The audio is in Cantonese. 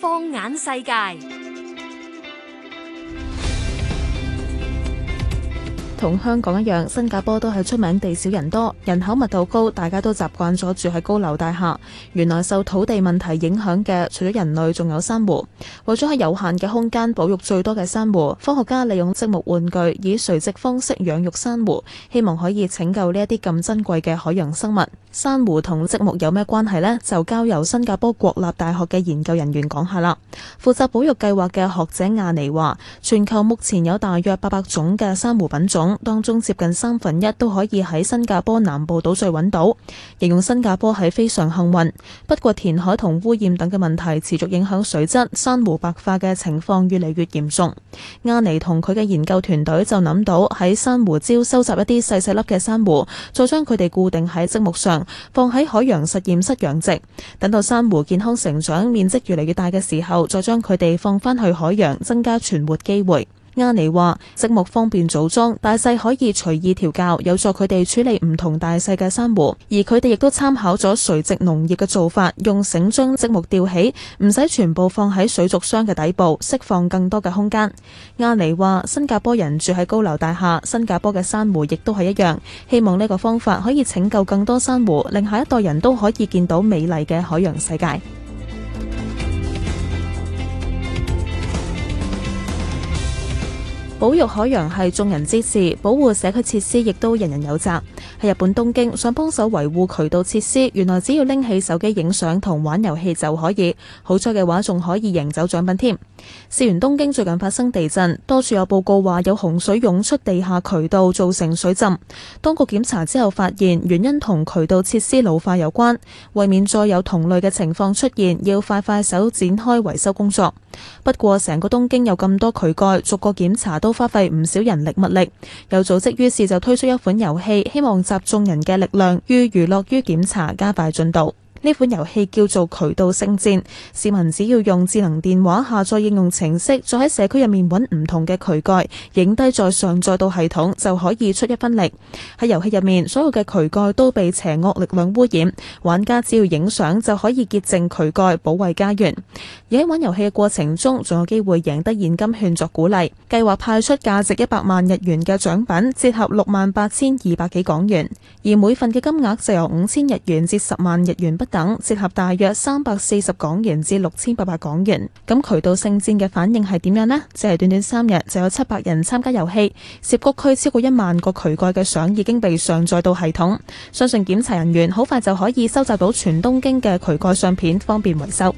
放眼世界，同香港一樣，新加坡都係出名地少人多，人口密度高，大家都習慣咗住喺高樓大廈。原來受土地問題影響嘅，除咗人類，仲有珊瑚。為咗喺有限嘅空間保育最多嘅珊瑚，科學家利用積木玩具以垂直方式養育珊瑚，希望可以拯救呢一啲咁珍貴嘅海洋生物。珊瑚同積木有咩關係呢？就交由新加坡國立大學嘅研究人員講下啦。負責保育計劃嘅學者亞尼話，全球目前有大約八百種嘅珊瑚品種，當中接近三分一都可以喺新加坡南部島嶼揾到。形容新加坡係非常幸運。不過填海同污染等嘅問題持續影響水質，珊瑚白化嘅情況越嚟越嚴重。亞尼同佢嘅研究團隊就諗到喺珊瑚礁收集一啲細細粒嘅珊瑚，再將佢哋固定喺積木上。放喺海洋實驗室養殖，等到珊瑚健康成長，面積越嚟越大嘅時候，再將佢哋放返去海洋，增加存活機會。阿尼話：，積木方便組裝，大細可以隨意調校，有助佢哋處理唔同大細嘅珊瑚。而佢哋亦都參考咗垂直農業嘅做法，用繩將積木吊起，唔使全部放喺水族箱嘅底部，釋放更多嘅空間。阿尼話：，新加坡人住喺高樓大廈，新加坡嘅珊瑚亦都係一樣。希望呢個方法可以拯救更多珊瑚，令下一代人都可以見到美麗嘅海洋世界。保育海洋係眾人之事，保護社區設施亦都人人有責。喺日本東京，想幫手維護渠道設施，原來只要拎起手機影相同玩遊戲就可以。好彩嘅話，仲可以贏走獎品添。事源東京最近發生地震，多處有報告話有洪水湧出地下渠道，造成水浸。當局檢查之後發現原因同渠道設施老化有關，為免再有同類嘅情況出現，要快快手展開維修工作。不過成個東京有咁多渠蓋，逐個檢查都花費唔少人力物力。有組織於是就推出一款遊戲，希望集眾人嘅力量，於娛樂於檢查，加快進度。呢款遊戲叫做渠道聖戰，市民只要用智能電話下載應用程式，再喺社區入面揾唔同嘅渠蓋，影低再上載到系統就可以出一分力。喺遊戲入面，所有嘅渠蓋都被邪惡力量污染，玩家只要影相就可以潔淨渠蓋，保衞家園。而喺玩遊戲嘅過程中，仲有機會贏得現金券作鼓勵。計劃派出價值一百萬日元嘅獎品，折合六萬八千二百幾港元，而每份嘅金額就由五千日元至十萬日元不等。等折合大約三百四十港元至六千八百港元。咁渠道聖戰嘅反應係點樣呢？只係短短三日就有七百人參加遊戲，涉谷區超過一萬個渠蓋嘅相已經被上載到系統，相信檢查人員好快就可以收集到全東京嘅渠蓋相片，方便維修。